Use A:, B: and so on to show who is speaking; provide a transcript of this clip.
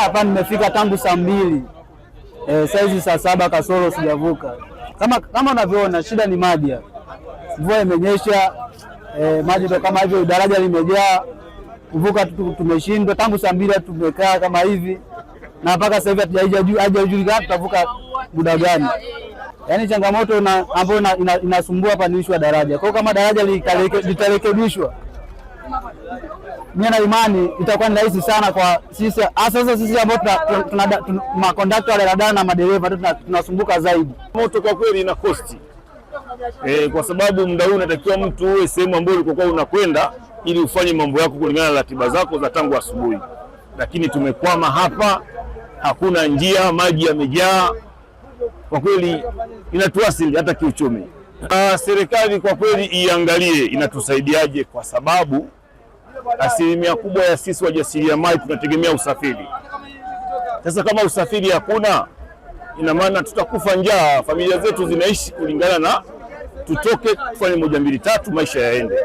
A: Hapa nimefika tangu saa mbili e, eh, saizi saa saba kasoro sijavuka. Kama kama unavyoona, shida ni maji. Mvua imenyesha e, maji ndo kama hivyo, daraja limejaa, kuvuka tumeshindwa. Tangu saa mbili tumekaa kama hivi na mpaka sasa hivi hatujajulikana tutavuka muda gani. Yaani changamoto ambayo inasumbua hapa ni ishu ya daraja. Kwa hiyo kama daraja litarekebishwa mimi na imani itakuwa ni rahisi sana kwa sisi, hasa sisi ambao tuna makondakta wa daladala na madereva tunasumbuka zaidi.
B: Moto kwa kweli ina kosti e, eh, kwa sababu muda huu unatakiwa mtu uwe sehemu ambayo ulikokuwa unakwenda ili ufanye mambo yako kulingana na ratiba zako za tangu asubuhi, lakini tumekwama hapa, hakuna njia, maji yamejaa. Kwa kweli inatuasili hata kiuchumi. Ah, serikali kwa kweli iangalie inatusaidiaje, kwa sababu asilimia kubwa ya sisi wajasiriamali tunategemea usafiri. Sasa kama usafiri hakuna, ina maana tutakufa njaa, familia zetu zinaishi kulingana na tutoke kufanya moja mbili tatu, maisha yaende.